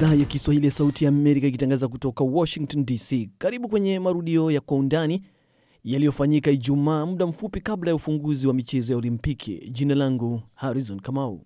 idhaa ya Kiswahili ya Sauti ya Amerika ikitangaza kutoka Washington DC. Karibu kwenye marudio ya Kwa Undani yaliyofanyika Ijumaa, muda mfupi kabla ya ufunguzi wa michezo ya Olimpiki. Jina langu Harrison Kamau.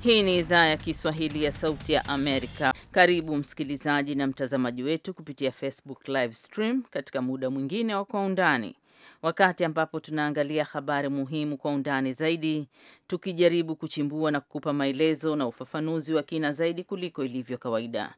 Hii ni idhaa ya Kiswahili ya Sauti ya Amerika. Karibu msikilizaji na mtazamaji wetu kupitia Facebook live stream katika muda mwingine wa Kwa Undani, wakati ambapo tunaangalia habari muhimu kwa undani zaidi, tukijaribu kuchimbua na kukupa maelezo na ufafanuzi wa kina zaidi kuliko ilivyo kawaida.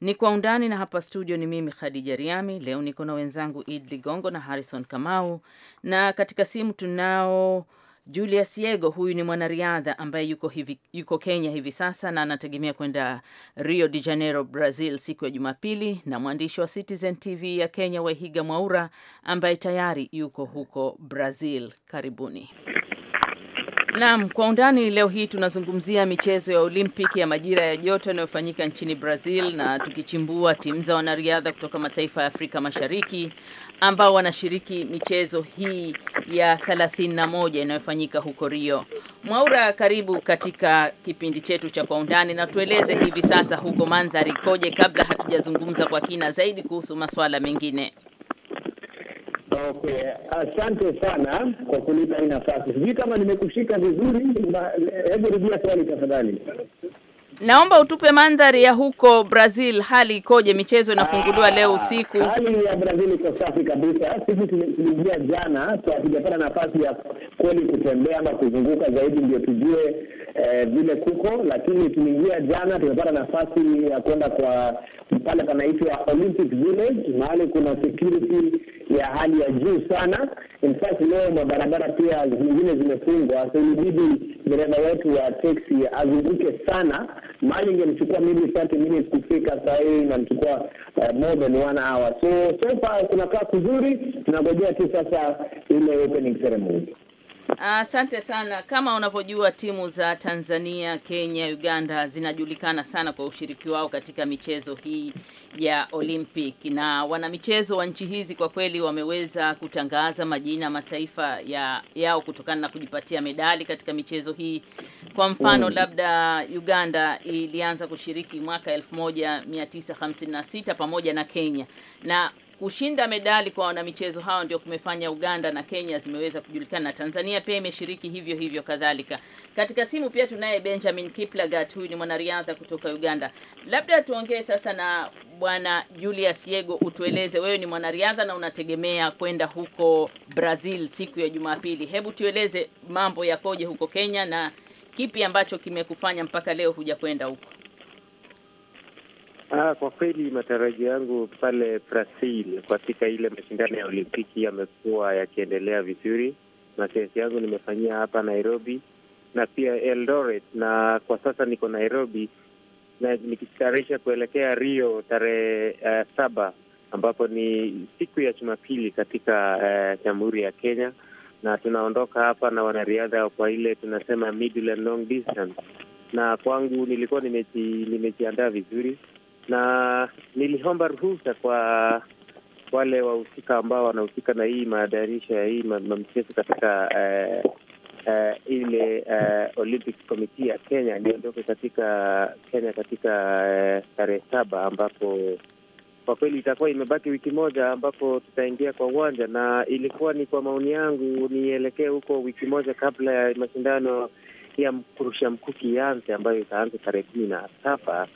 Ni Kwa Undani, na hapa studio ni mimi Khadija Riami. Leo niko na wenzangu Id Ligongo na Harrison Kamau, na katika simu tunao Julius Yego huyu ni mwanariadha ambaye yuko, hivi, yuko Kenya hivi sasa na anategemea kwenda Rio de Janeiro, Brazil siku ya Jumapili, na mwandishi wa Citizen TV ya Kenya Waihiga Mwaura ambaye tayari yuko huko Brazil. Karibuni. Naam, kwa undani leo hii tunazungumzia michezo ya Olimpiki ya majira ya joto inayofanyika nchini Brazil na tukichimbua timu za wanariadha kutoka mataifa ya Afrika Mashariki ambao wanashiriki michezo hii ya 31 inayofanyika huko Rio. Mwaura, karibu katika kipindi chetu cha kwa undani na tueleze hivi sasa huko mandhari koje, kabla hatujazungumza kwa kina zaidi kuhusu masuala mengine. Okay, asante sana kwa kunipa hii nafasi. Sijui kama nimekushika vizuri, hebu rudia swali tafadhali. Naomba utupe mandhari ya huko Brazil, hali ikoje? Michezo inafunguliwa leo usiku. Ah, hali ya Brazil iko safi kabisa. Sisi tuliingia jana, hatujapata nafasi ya kweli kutembea ama kuzunguka zaidi, ndio tujue Eh, vile eh, kuko lakini tuliingia jana, tumepata nafasi ya kwenda kwa pale panaitwa Olympic Village, mahali kuna security ya hali ya juu sana. In fact leo mabarabara pia zingine zimefungwa, so ilibidi dereva wetu wa teksi azunguke sana, mahali ingemchukua mimi 30 minutes kufika, saa hii inamchukua uh, eh, more than one hour. So so far kaa kuzuri, tunangojea tu sasa ile opening ceremony. Asante sana. Kama unavyojua timu za Tanzania, Kenya, Uganda zinajulikana sana kwa ushiriki wao katika michezo hii ya Olympic, na wanamichezo wa nchi hizi kwa kweli wameweza kutangaza majina mataifa ya yao kutokana na kujipatia medali katika michezo hii. Kwa mfano, mm. labda Uganda ilianza kushiriki mwaka 1956 pamoja na Kenya na kushinda medali kwa wanamichezo hao ndio kumefanya Uganda na Kenya zimeweza kujulikana, na Tanzania pia imeshiriki hivyo hivyo kadhalika. Katika simu pia tunaye Benjamin Kiplagat, huyu ni mwanariadha kutoka Uganda. Labda tuongee sasa na Bwana Julius Yego, utueleze wewe ni mwanariadha na unategemea kwenda huko Brazil siku ya Jumapili. Hebu tueleze mambo yakoje huko Kenya na kipi ambacho kimekufanya mpaka leo huja kwenda huko? Ah, kwa kweli matarajio yangu pale Brazil katika ile mashindano ya Olimpiki yamekuwa yakiendelea vizuri. Mazoezi yangu nimefanyia hapa Nairobi na pia Eldoret, na kwa sasa niko Nairobi na nikitayarisha kuelekea Rio tarehe uh, saba ambapo ni siku ya Jumapili katika uh, Jamhuri ya Kenya, na tunaondoka hapa na wanariadha kwa ile tunasema middle and long distance, na kwangu nilikuwa nimejiandaa vizuri na niliomba ruhusa kwa wale wahusika ambao wanahusika na hii madarisho ya hii mamchezo katika uh, uh, ile uh, Olympic Committee ya Kenya niondoke katika Kenya katika tarehe uh, saba ambapo kwa kweli itakuwa imebaki wiki moja ambapo tutaingia kwa uwanja, na ilikuwa ni kwa maoni yangu nielekee huko wiki moja kabla ya mashindano ya kurusha mkuki ianze ambayo itaanza tarehe kumi na saba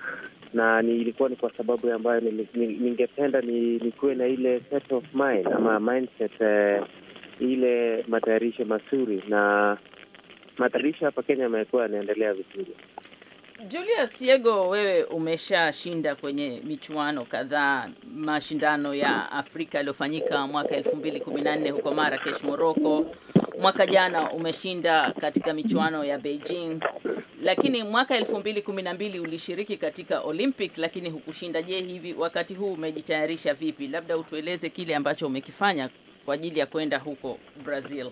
na ni ilikuwa ni kwa sababu ambayo ningependa ni nikuwe na ile set of mind ama mindset eh, ile matayarisho mazuri na matayarisho hapa Kenya amekuwa yanaendelea vizuri. Julius Yego, wewe umeshashinda kwenye michuano kadhaa, mashindano ya Afrika yaliyofanyika mwaka elfu mbili kumi na nne huko Marakesh, Morocco. Mwaka jana umeshinda katika michuano ya Beijing. Lakini mwaka elfu mbili kumi na mbili ulishiriki katika Olympic lakini hukushinda. Je, hivi wakati huu umejitayarisha vipi? Labda utueleze kile ambacho umekifanya kwa ajili ya kwenda huko Brazil.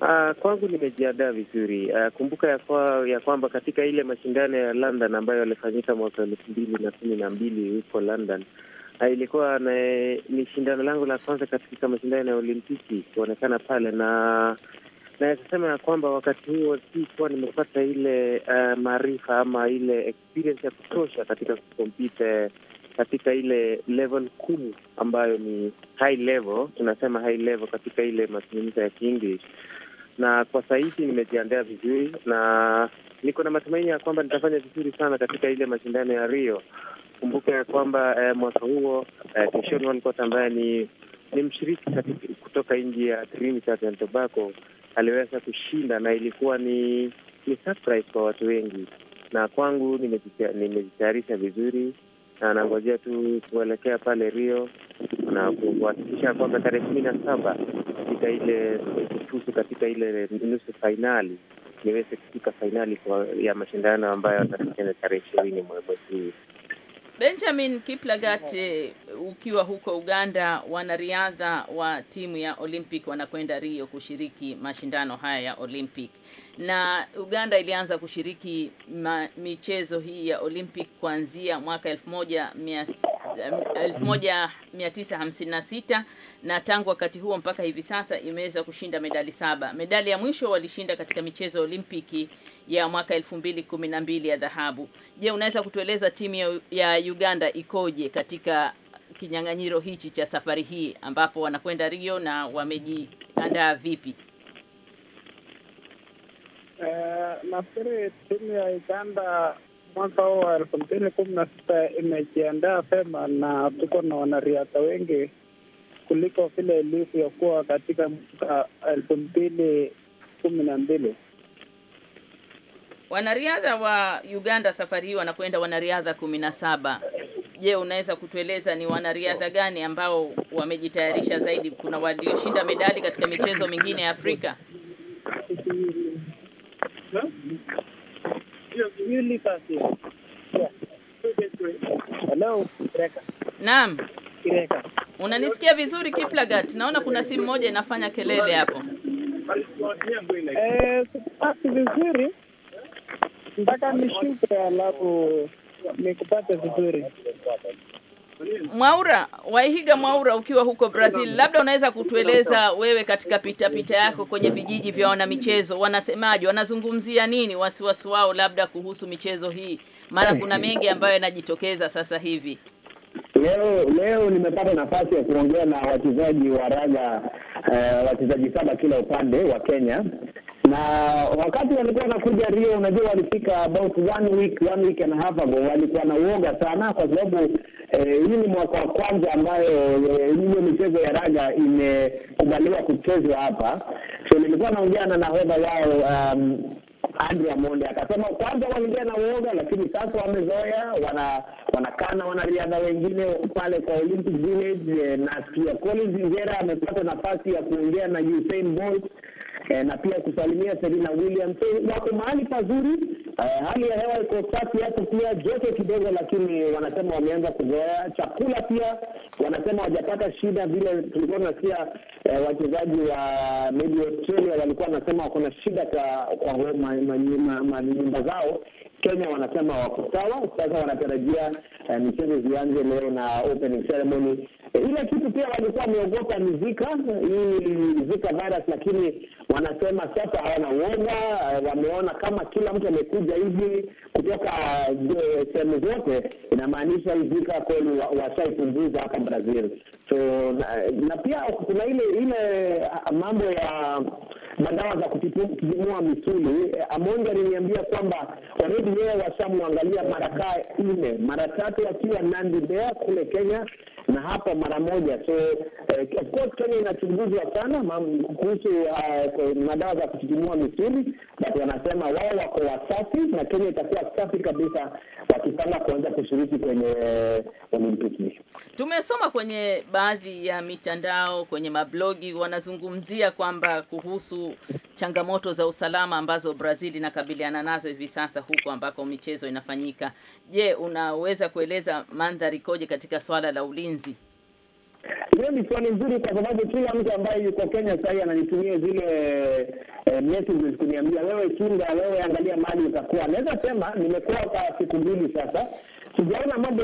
Uh, kwangu nimejiandaa vizuri. Uh, kumbuka ya, kwa, ya kwamba katika ile mashindano ya London ambayo yalifanyika mwaka elfu mbili na kumi na mbili huko London uh, ilikuwa ni shindano langu la kwanza katika mashindano ya Olimpiki kuonekana pale na naweza sema ya kwamba wakati huo sikuwa nimepata ile uh, maarifa ama ile experience ya kutosha katika kukompyuta katika ile level kumi ambayo ni high level, tunasema high level katika ile mazungumzo ya Kiinglish. na kwa sahizi nimejiandaa vizuri na niko na matumaini ya kwamba nitafanya vizuri sana katika ile mashindano ya Rio. Kumbuka ya kwamba eh, mwaka huo eh, ambaye ni ni mshiriki kutoka nji ya Trinidad and Tobago aliweza kushinda, na ilikuwa ni, ni surprise kwa watu wengi, na kwangu nimejitayarisha vizuri na anangojea tu kuelekea pale Rio na kuhakikisha kwamba tarehe kumi na saba katika ile kufuzu katika ile nusu fainali niweze kufika fainali ya mashindano ambayo atafikia tarehe ishirini mwezi huu. Benjamin Kiplagat, eh, ukiwa huko Uganda, wanariadha wa timu ya Olympic wanakwenda Rio kushiriki mashindano haya ya Olympic na Uganda ilianza kushiriki ma, michezo hii ya Olympic kuanzia mwaka 1956 na tangu wakati huo mpaka hivi sasa imeweza kushinda medali saba. Medali ya mwisho walishinda katika michezo Olimpiki ya mwaka 2012 ya dhahabu. Je, unaweza kutueleza timu ya Uganda ikoje katika kinyang'anyiro hichi cha safari hii ambapo wanakwenda Rio na wamejiandaa vipi? nafkiri eh, nafikiri timu ya Uganda mwaka huu wa elfu mbili kumi na sita imejiandaa pema na tuko na wanariadha wengi kuliko vile ilivyokuwa katika mwaka elfu mbili kumi na mbili. Wanariadha wa Uganda safari hii wanakwenda wanariadha kumi na saba. Je, unaweza kutueleza ni wanariadha gani ambao wamejitayarisha zaidi? Kuna walioshinda medali katika michezo mingine ya Afrika? Naam. Unanisikia vizuri Kiplagat? Naona kuna simu moja inafanya kelele hapo. Eh, vizuri mpaka nishuke, alafu nikupate vizuri. Mwaura Waihiga Mwaura, ukiwa huko Brazil, labda unaweza kutueleza wewe, katika pitapita yako kwenye vijiji vya wanamichezo, wanasemaje? Wanazungumzia nini wasiwasi wao labda kuhusu michezo hii? Maana kuna mengi ambayo yanajitokeza sasa hivi. Leo leo nimepata nafasi ya kuongea na wachezaji wa raga, uh, wachezaji saba kila upande wa Kenya na wakati walikuwa wanakuja Rio, unajua walifika about one week, one week and a half ago, walikuwa na uoga sana, kwa sababu eh, hii e, ni mwaka wa kwanza ambayo eh, hiyo e, michezo ya raga imekubaliwa kuchezwa hapa. So nilikuwa naongea na nahodha wao um, Andrea Monde akasema kwanza waliingia na uoga, lakini sasa wamezoea, wana wanakana wanariadha wengine pale kwa Olympic Village. Eh, na pia Collins Injera amepata nafasi ya kuongea na Usain Bolt e, na pia kusalimia Serena Williams. Wako mahali pazuri, eh, hali ya hewa iko safi hapo, pia joto kidogo, lakini wanasema wameanza kuzoea. Chakula pia wanasema wajapata shida vile tulikuwa tunasikia eh, wachezaji wa maybe Australia walikuwa wanasema wako na shida kwa nyumba zao Kenya wanasema wako sawa. Sasa wanatarajia uh, michezo zianze leo na opening ceremony. Eh, ile kitu pia walikuwa wameogopa ni Zika, hii Zika virus, lakini wanasema sasa hawana uoga. Eh, wameona kama kila mtu amekuja hivi kutoka sehemu zote, inamaanisha hii Zika kweli washaipunguza hapa Brazil. So na, na pia kuna ile ile ah, mambo ya madawa za kutimua misuli e, Amongi aliniambia kwamba already yeye washamwangalia mara kaa nne mara tatu akiwa Nandi bea kule Kenya na hapa mara moja. So eh, of course Kenya inachunguzwa sana kuhusu uh, madawa za kutimua misuli, but wanasema wao wako wasafi na Kenya itakuwa safi kabisa wakipanga kuanza kushiriki kwenye e, Olimpiki. Tumesoma kwenye baadhi ya mitandao, kwenye mablogi wanazungumzia kwamba kuhusu changamoto za usalama ambazo Brazil inakabiliana nazo hivi sasa huko ambako michezo inafanyika. Je, unaweza kueleza mandhari koje katika swala la ulinzi? Hiyo ni swali nzuri, kwa sababu kila mtu ambaye yuko Kenya sahii ananitumia zile eh, messages kuniambia, wewe chunga, wewe angalia mali utakuwa. Naweza sema nimekuwa kwa siku mbili sasa sijaona mambo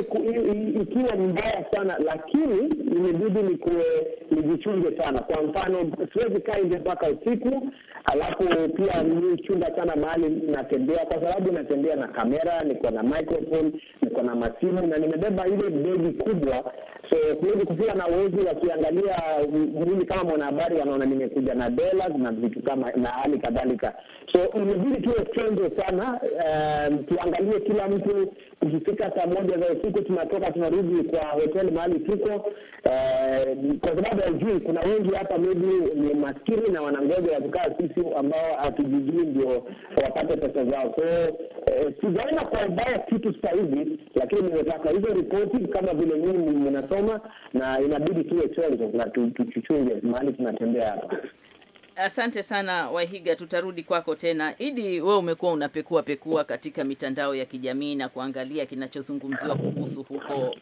ikiwa mbaya sana, lakini imebidi nikuwe nijichunge sana. Kwa mfano, siwezi kaa nje mpaka usiku, alafu pia ni chunga sana mahali natembea, kwa sababu natembea na kamera, niko na microphone, niko na masimu na nimebeba ile begi kubwa, so siwezi kufika na wezi wakiangalia mimi kama mwanahabari, wanaona nimekuja na dela na vitu kama na hali kadhalika. So imebidi tuwe chonjo sana, um, tuangalie kila mtu Ikifika saa moja za usiku tunatoka tunarudi kwa hoteli mahali tuko, eh, kwa sababu haujui, kuna wengi hapa maybe ni maskini na wanangoja wakikaa, sisi ambao hatujijui ndio wapate pesa zao. So eh, sijaona kwa ubaya kitu sasa hivi, lakini nimetaka hizo ripoti kama vile nyinyi mnasoma, na inabidi tuwe chonzo na tuchuchunge mahali tunatembea hapa. Asante sana Wahiga, tutarudi kwako tena. Idi, wewe umekuwa unapekua pekua katika mitandao ya kijamii na kuangalia kinachozungumziwa kuhusu huko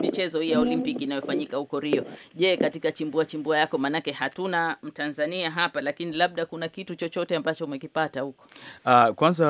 michezo hii ya Olimpiki inayofanyika huko Rio. Je, katika chimbua chimbua yako, manake hatuna Mtanzania hapa, lakini labda kuna kitu chochote ambacho umekipata huko? Uh, kwanza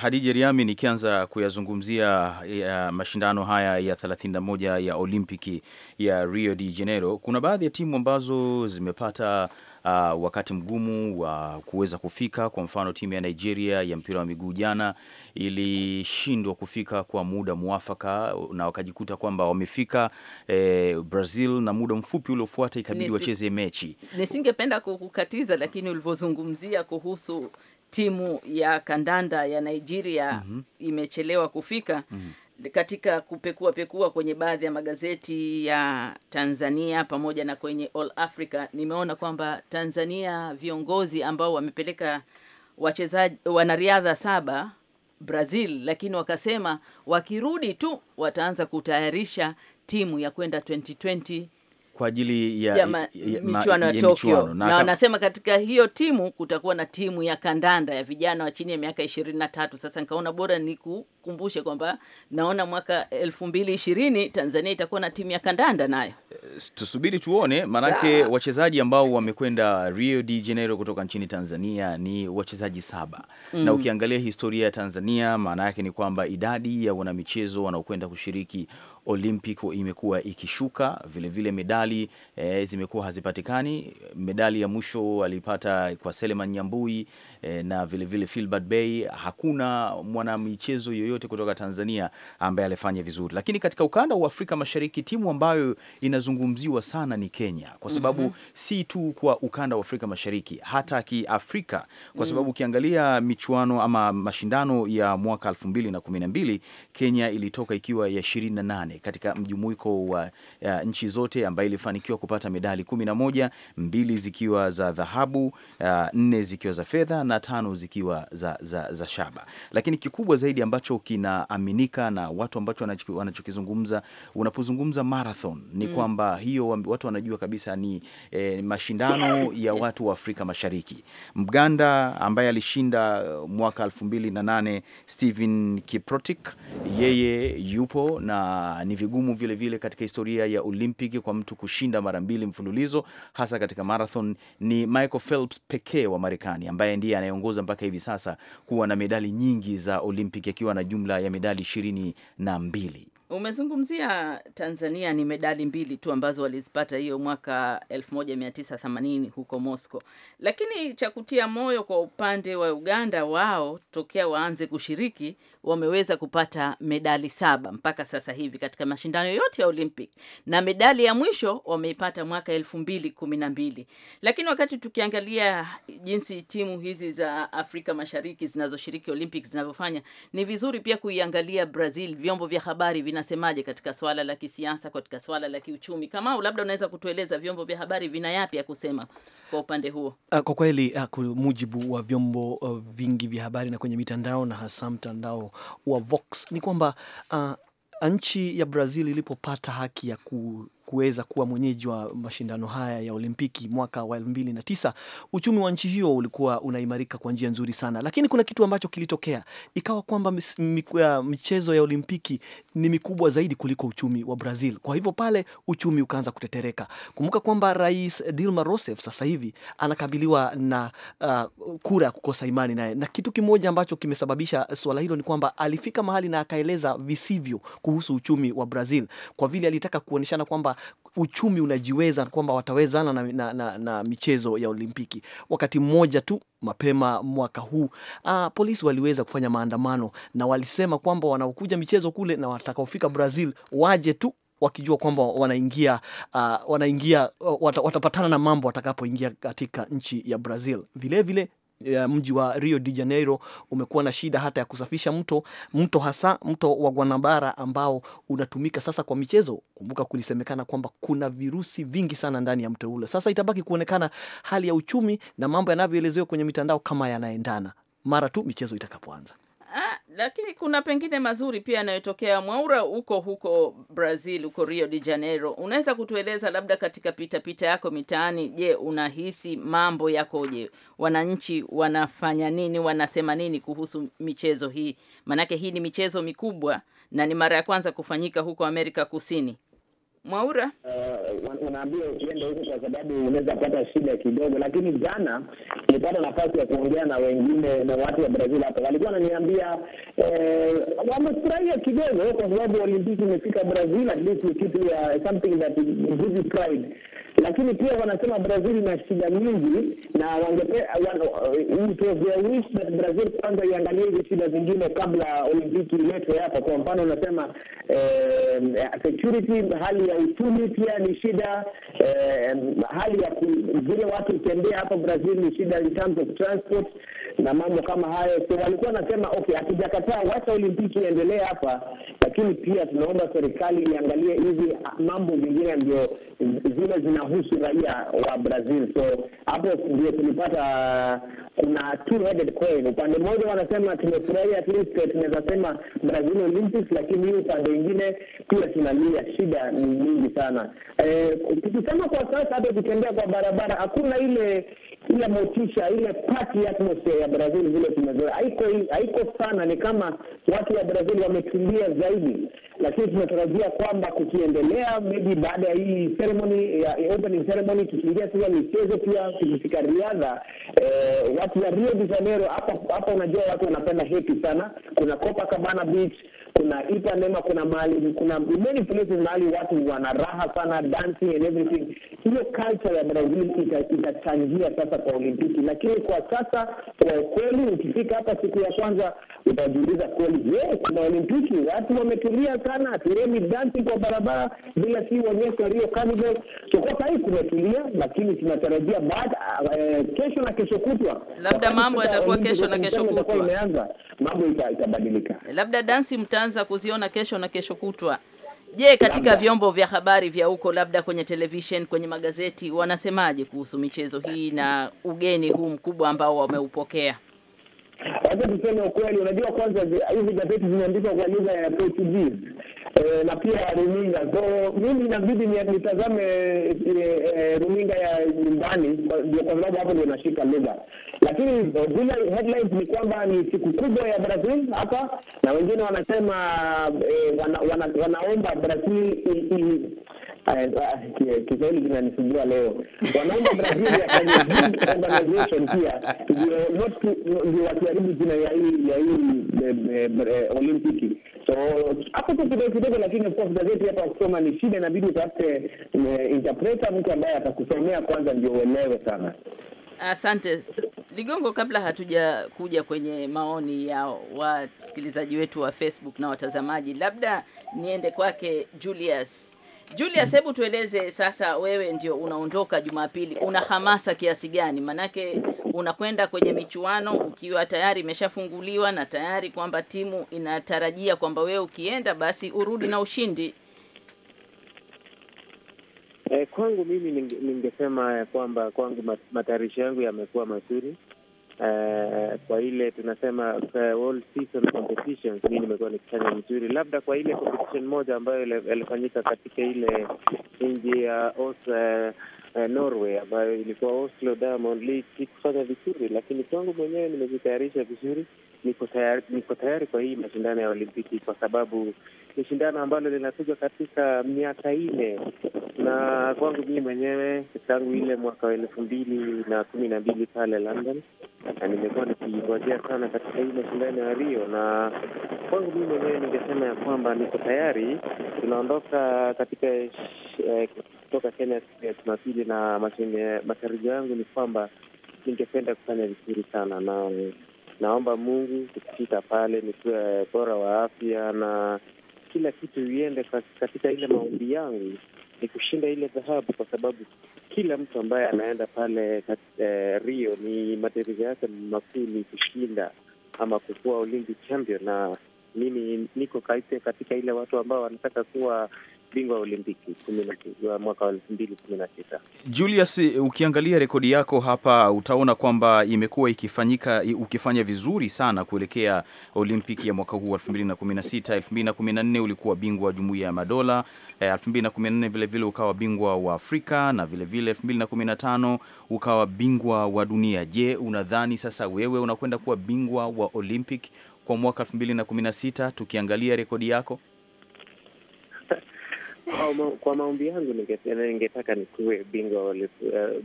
Hadija Riami, nikianza kuyazungumzia ya mashindano haya ya 31 ya Olimpiki ya Rio de Janeiro, kuna baadhi ya timu ambazo zimepata uh, wakati mgumu wa kuweza kufika. Kwa mfano timu ya Nigeria ya mpira wa miguu jana ilishindwa kufika kwa muda mwafaka, na wakajikuta kwamba wamefika eh, Brazil, na muda mfupi uliofuata ikabidi wacheze mechi. Nisingependa kukatiza, lakini ulivyozungumzia kuhusu timu ya kandanda ya Nigeria mm -hmm. imechelewa kufika mm -hmm katika kupekua pekua kwenye baadhi ya magazeti ya Tanzania pamoja na kwenye All Africa, nimeona kwamba Tanzania viongozi ambao wamepeleka wachezaji wanariadha saba Brazil, lakini wakasema wakirudi tu wataanza kutayarisha timu ya kwenda 2020 kwa ajili ya, ya, ma, ya michuano ya Tokyo na wanasema katika hiyo timu kutakuwa na timu ya kandanda ya vijana wa chini ya miaka 23. Sasa nikaona bora ni ku nikukumbushe kwamba naona mwaka elfu mbili ishirini Tanzania itakuwa na timu ya kandanda nayo. Eh, tusubiri tuone, maanake wachezaji ambao wamekwenda Rio de Janeiro kutoka nchini Tanzania ni wachezaji saba mm. na ukiangalia historia ya Tanzania, maana yake ni kwamba idadi ya wanamichezo wanaokwenda kushiriki Olympic imekuwa ikishuka vilevile vile medali e, zimekuwa hazipatikani. Medali ya mwisho alipata kwa Seleman Nyambui e, na vilevile Filbert Bay. Hakuna mwanamichezo yoyote yoyote kutoka Tanzania ambaye alifanya vizuri. Lakini katika ukanda wa Afrika Mashariki timu ambayo inazungumziwa sana ni Kenya kwa sababu mm -hmm. si tu kwa ukanda wa Afrika Mashariki, hata kiafrika kwa mhm. sababu ukiangalia mm -hmm. michuano ama mashindano ya mwaka 2012 Kenya ilitoka ikiwa ya 28 katika mjumuiko wa ya, nchi zote ambayo ilifanikiwa kupata medali 11, mbili zikiwa za dhahabu, nne zikiwa za fedha na tano zikiwa za, za, za shaba. Lakini kikubwa zaidi ambacho kinaaminika na watu ambacho wanachokizungumza unapozungumza marathon ni mm. kwamba hiyo watu wanajua kabisa ni e, mashindano ya watu wa Afrika Mashariki. Mganda ambaye alishinda uh, mwaka elfu mbili na nane Stephen Kiprotich, yeye yupo na ni vigumu vile vile katika historia ya Olympic kwa mtu kushinda mara mbili mfululizo hasa katika marathon. Ni Michael Phelps pekee wa Marekani ambaye ndiye anayeongoza mpaka hivi sasa kuwa na medali nyingi za Olympic akiwa na jumla ya medali ishirini na mbili. Umezungumzia Tanzania ni medali mbili tu ambazo walizipata hiyo mwaka 1980 huko Moscow, lakini cha kutia moyo kwa upande wa Uganda, wao tokea waanze kushiriki wameweza kupata medali saba mpaka sasa hivi katika mashindano yote ya Olympic, na medali ya mwisho wameipata mwaka elfu Lakini wakati tukiangalia jinsi timu hizi za Afrika Mashariki zinazoshiriki Olympic zinavyofanya, ni vizuri pia kuiangalia Brazil. Vyombo vya habari vina zinasemaje katika swala la kisiasa, katika swala la kiuchumi? Kama labda unaweza kutueleza vyombo vya habari vina yapi ya kusema kwa upande huo? Ah, kwa kweli, ah, kwa mujibu wa vyombo ah, vingi vya habari na kwenye mitandao na hasa mtandao wa Vox ni kwamba uh, nchi ya Brazil ilipopata haki ya ku kuweza kuwa mwenyeji wa mashindano haya ya Olimpiki mwaka wa elfu mbili na tisa, uchumi wa nchi hiyo ulikuwa unaimarika kwa njia nzuri sana, lakini kuna kitu ambacho kilitokea, ikawa kwamba michezo ya Olimpiki ni mikubwa zaidi kuliko uchumi wa Brazil. Kwa hivyo pale uchumi ukaanza kutetereka. Kumbuka kwamba Rais Dilma Rousseff sasa hivi anakabiliwa na uh, kura ya kukosa imani naye, na kitu kimoja ambacho kimesababisha suala hilo ni kwamba alifika mahali na akaeleza visivyo kuhusu uchumi wa Brazil kwa vile alitaka kuoneshana kwamba uchumi unajiweza kwamba watawezana na, na, na, na michezo ya Olimpiki. Wakati mmoja tu mapema mwaka huu aa, ah, polisi waliweza kufanya maandamano na walisema kwamba wanaokuja michezo kule na watakaofika Brazil waje tu wakijua kwamba wanaingia uh, wanaingia wat, watapatana na mambo watakapoingia katika nchi ya Brazil. Vilevile ya mji wa Rio de Janeiro umekuwa na shida hata ya kusafisha mto, mto hasa mto wa Guanabara ambao unatumika sasa kwa michezo. Kumbuka kulisemekana kwamba kuna virusi vingi sana ndani ya mto ule. Sasa itabaki kuonekana hali ya uchumi na mambo yanavyoelezewa kwenye mitandao kama yanaendana mara tu michezo itakapoanza. Ah, lakini kuna pengine mazuri pia yanayotokea Mwaura huko huko Brazil huko Rio de Janeiro. Unaweza kutueleza labda katika pitapita pita yako mitaani, je, unahisi mambo yakoje? Wananchi wanafanya nini? Wanasema nini kuhusu michezo hii? Maanake hii ni michezo mikubwa na ni mara ya kwanza kufanyika huko Amerika Kusini. Mwaura, uh, eh, unaambia ukienda huko kwa sababu unaweza pata shida kidogo, lakini jana nilipata nafasi ya kuongea na wengine na watu wa Brazil hapa, walikuwa wananiambia eh, wamefurahia kidogo kwa sababu olimpiki imefika Brazil, at least ni kitu ya something that gives you pride lakini pia wanasema Brazil ina shida nyingi, na wish that Brazil kwanza iangalie hizi shida zingine kabla olimpiki iletwe hapa. Kwa mfano, unasema eh, security, hali ya uchumi pia ni shida eh, hali ya vile watu hutembea hapa Brazil ni shida in terms of transport na mambo kama hayo. So walikuwa wanasema okay, hatujakataa wacha olimpiki iendelee hapa, lakini pia tunaomba serikali iangalie hizi ah, mambo zingine ndio zile zinahusu raia wa Brazil. So hapo ndio tulipata kuna two headed coin. Upande mmoja wanasema tumefurahi, at least tunaweza sema Brazil Olympics, lakini hii upande wingine pia tunalia, shida ni nyingi sana. Eh, tukisema kwa sasa, hata tukiendea kwa barabara hakuna ile ile motisha ile party atmosphere ya Brazil vile tumezoea haiko haiko sana, ni kama watu wa Brazil wamekimbia zaidi, lakini tunatarajia kwamba kukiendelea, maybe baada ya hii ceremony ya opening ceremony, tukiingia sasa michezo pia, tukifika riadha eh, watu wa Rio de Janeiro hapa hapa, unajua watu wanapenda hepi sana. Kuna Copacabana beach kuna Ipanema, kuna mali kuna many places mahali watu wana raha sana, dancing and everything. Hiyo culture ya Brazil itachangia ita sasa kwa Olimpiki, lakini kwa sasa kwa ukweli, ukifika hapa siku ya kwanza utajiuliza kweli, je, kuna Olimpiki? Watu wametulia sana, tueni dansi kwa barabara bila si onyesho ya Rio Carnival. So kwa kumetulia, lakini tunatarajia baada eh, kesho na kesho kutwa, labda mambo yatakuwa kesho na kesho kutwa imeanza, mambo itabadilika, labda dansi mtaanza kuziona kesho na kesho kutwa. Je, katika labda, vyombo vya habari vya huko, labda kwenye television, kwenye magazeti, wanasemaje kuhusu michezo hii na ugeni huu mkubwa ambao wameupokea? Wacha tuseme ukweli, unajua kwanza hizi gazeti zimeandikwa kwa lugha ya Portuguese eh, na pia runinga. So mimi inabidi nitazame eh, eh, runinga ya nyumbani, ndio kwa sababu hapo ndio nashika lugha. Lakini zile headlines ni kwamba ni siku kubwa ya Brazil hapa, na wengine wanasema wanaomba Brazil Ah, Kiswahili kinanisumbua leo. Wanaomba Brazil organization pia ndio wakiharibu jina ya hii ya hii eh, eh, eh, Olimpiki. So hapo tu kidogo kidogo, lakini of course gazeti hapa kusoma ni shida, inabidi utafute interpreter, mtu ambaye atakusomea kwanza ndio uelewe sana. Asante Ligongo, kabla hatuja kuja kwenye maoni ya wasikilizaji wetu wa Facebook na watazamaji, labda niende kwake Julius Julius, mm. hebu tueleze sasa, wewe ndio unaondoka Jumapili, una hamasa kiasi gani? Manake unakwenda kwenye michuano ukiwa tayari imeshafunguliwa na tayari kwamba timu inatarajia kwamba wewe ukienda basi urudi na ushindi. Eh, kwangu mimi ningesema ya kwamba kwangu matayarisho yangu yamekuwa mazuri uh, kwa ile tunasema all eh, season competitions, mi nimekuwa nikifanya vizuri, labda kwa ile competition moja ambayo ilifanyika katika ile nji ya uh, Norway ambayo ilikuwa Oslo Diamond League, sikufanya vizuri, lakini kwangu mwenyewe nimejitayarisha vizuri. Niko tayari, niko tayari kwa hii mashindano ya Olimpiki kwa sababu ni shindano ambalo linapigwa katika miaka ile, na kwangu mimi mwenyewe tangu ile mwaka wa elfu mbili na kumi na mbili pale London, na nimekuwa nikingojea sana katika ile shindano ya Rio, na kwangu mimi mwenyewe ningesema ya kwamba niko tayari. Tunaondoka katika eh, kutoka Kenya siku ya Jumapili, na matarajio yangu ni kwamba ningependa kufanya vizuri sana na naomba Mungu tukifika pale nikiwa bora wa afya na kila kitu iende katika ile maombi yangu ni kushinda ile dhahabu, kwa sababu kila mtu ambaye anaenda pale eh, Rio ni materio yake makuu ni kushinda ama kukuwa Olympic champion, na mimi niko katika ile watu ambao wanataka kuwa bingwa wa Olimpiki mwaka wa elfu mbili kumi na tisa. Julius, ukiangalia rekodi yako hapa utaona kwamba imekuwa ikifanyika ukifanya vizuri sana kuelekea Olimpiki ya mwaka huu elfu mbili na kumi na sita. Elfu mbili na kumi na nne ulikuwa bingwa wa Jumuiya ya Madola, e, elfu mbili na kumi na nne vilevile ukawa bingwa wa Afrika na vilevile elfu mbili na kumi na tano ukawa bingwa wa dunia. Je, unadhani sasa wewe unakwenda kuwa bingwa wa Olympic kwa mwaka elfu mbili na kumi na sita tukiangalia rekodi yako? Kwa maombi yangu ningetaka nikuwe bingwa eh,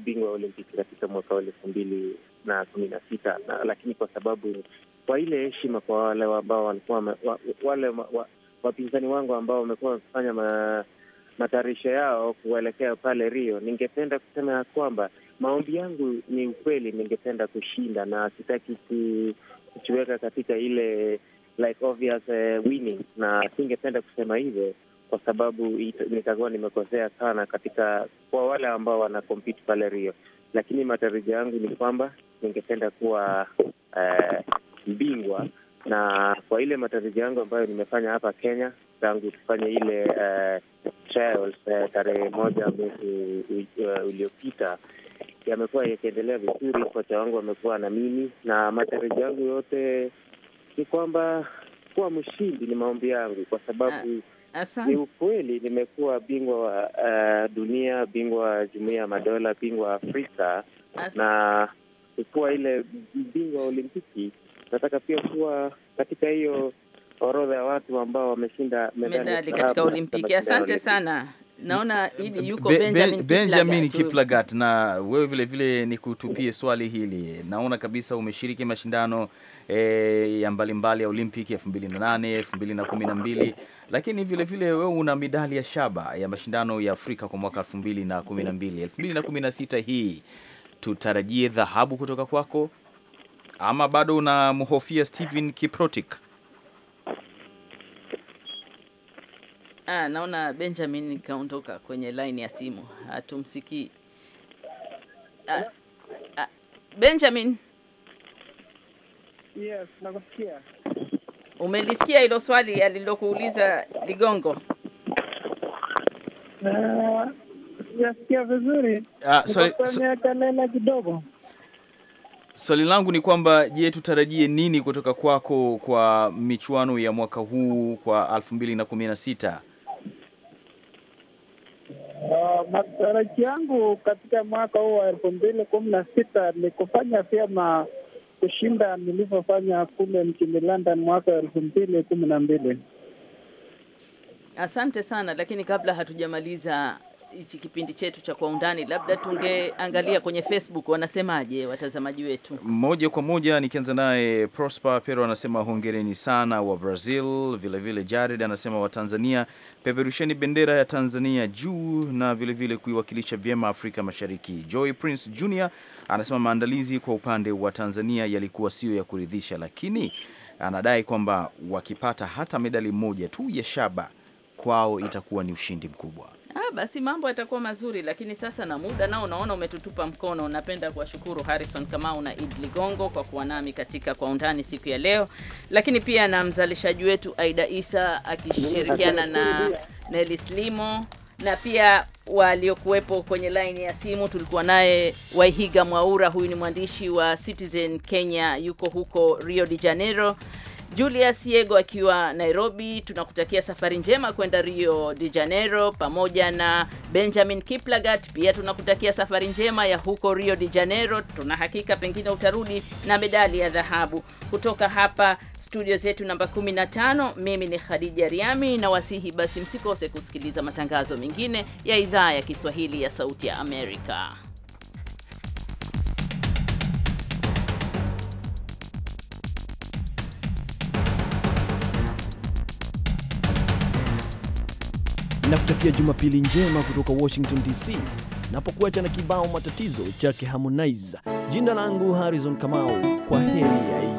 bingwa wa Olimpiki katika mwaka wa elfu mbili na kumi na sita, lakini kwa sababu kwa ile heshima kwa wale ambao walikuwa wale wapinzani wangu ambao wamekuwa wakifanya matayarisho yao kuelekea pale Rio, ningependa kusema ya kwamba maombi yangu ni ukweli, ningependa kushinda na sitaki kuchiweka katika ile like obvious, uh, winning na singependa kusema hivyo kwa sababu nitakuwa nimekosea sana katika kwa wale ambao wana compete pale Rio, lakini matarajio yangu ni kwamba ningependa kuwa eh, mbingwa, na kwa ile matarajio yangu ambayo nimefanya hapa Kenya tangu tufanye ile eh, trials eh, tarehe moja mwezi uh, uliopita yamekuwa yakiendelea vizuri. Kocha wangu amekuwa na mimi, na matarajio yangu yote ni kwamba kuwa mshindi ni maombi yangu, kwa sababu ah. Ni ukweli nimekuwa bingwa wa uh, dunia, bingwa wa jumuia ya madola, bingwa wa Afrika Asa. na kukuwa ile bingwa wa Olimpiki, nataka pia kuwa katika hiyo orodha ya watu ambao wameshinda medali katika Olimpiki. Asante sana naona yuko ben, Benjamin, Benjamin Kiplagat. Na wewe vile vile nikutupie swali hili, naona kabisa umeshiriki mashindano e, ya mbalimbali ya Olimpiki 2008, 2012, lakini vile vile wewe una midali ya shaba ya mashindano ya Afrika kwa mwaka 2012, 2016. Hii tutarajie dhahabu kutoka kwako ama bado unamhofia Steven Kiprotic? Ah, naona Benjamin kaondoka kwenye line ya simu, hatumsikii. Ah, ah, Benjamin. Yes, nakusikia. Umelisikia hilo swali alilokuuliza Ligongo? Uh, vizuri. Ah, swali kidogo. Swali langu ni kwamba je, tutarajie nini kutoka kwako kwa michuano ya mwaka huu kwa 2016? matarajio yangu katika mwaka huu wa elfu mbili kumi na sita ni kufanya vyema kushinda nilivyofanya kule mjini London mwaka wa elfu mbili kumi na mbili. Asante sana, lakini kabla hatujamaliza hichi kipindi chetu cha Kwa Undani, labda tungeangalia kwenye Facebook wanasemaje watazamaji wetu moja kwa moja. Nikianza naye Prosper Pero anasema hongereni sana wa Brazil. Vilevile Jared anasema Watanzania, peperusheni bendera ya Tanzania juu na vilevile kuiwakilisha vyema Afrika Mashariki. Joy Prince Jr anasema maandalizi kwa upande wa Tanzania yalikuwa siyo ya kuridhisha, lakini anadai kwamba wakipata hata medali moja tu ya shaba kwao itakuwa ni ushindi mkubwa. Ah, basi mambo yatakuwa mazuri, lakini sasa na muda nao unaona umetutupa mkono. Napenda kuwashukuru Harrison Kamau na Id Ligongo kwa kuwa nami katika kwa undani siku ya leo, lakini pia na mzalishaji wetu Aida Isa akishirikiana na Nelis Limo na pia waliokuwepo kwenye laini ya simu tulikuwa naye Waihiga Mwaura, huyu ni mwandishi wa Citizen Kenya, yuko huko Rio de Janeiro. Julius Yego akiwa Nairobi, tunakutakia safari njema kwenda Rio de Janeiro, pamoja na Benjamin Kiplagat pia tunakutakia safari njema ya huko Rio de Janeiro. Tuna hakika pengine utarudi na medali ya dhahabu. Kutoka hapa studio zetu namba 15, mimi ni Khadija Riami na wasihi basi msikose kusikiliza matangazo mengine ya idhaa ya Kiswahili ya Sauti ya Amerika. Ninakutakia Jumapili njema kutoka Washington DC, napokuacha na kibao matatizo chake Harmonize. Jina langu Harrison Kamau, kwa heri yai.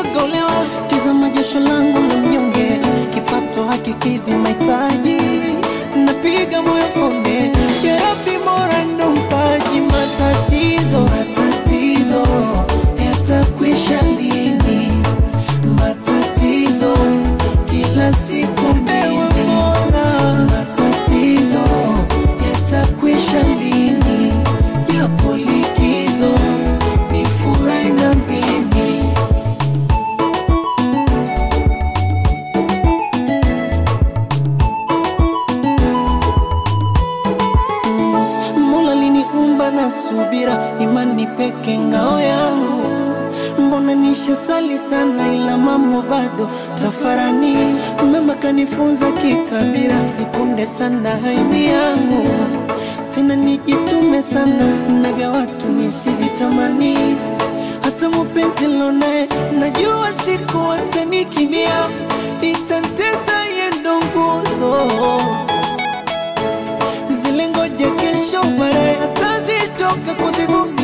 uliogolewa, tazama jasho langu la nyonge kipato hakikidhi mahitaji, napiga moyo konde sana haimi yangu tena nijitume sana na vya watu nisivitamani hata mupenzi lonaye najua siku watanikimia itanteza yendo nguzo zile ngoja kesho baadaye hatazichoka kuzivuka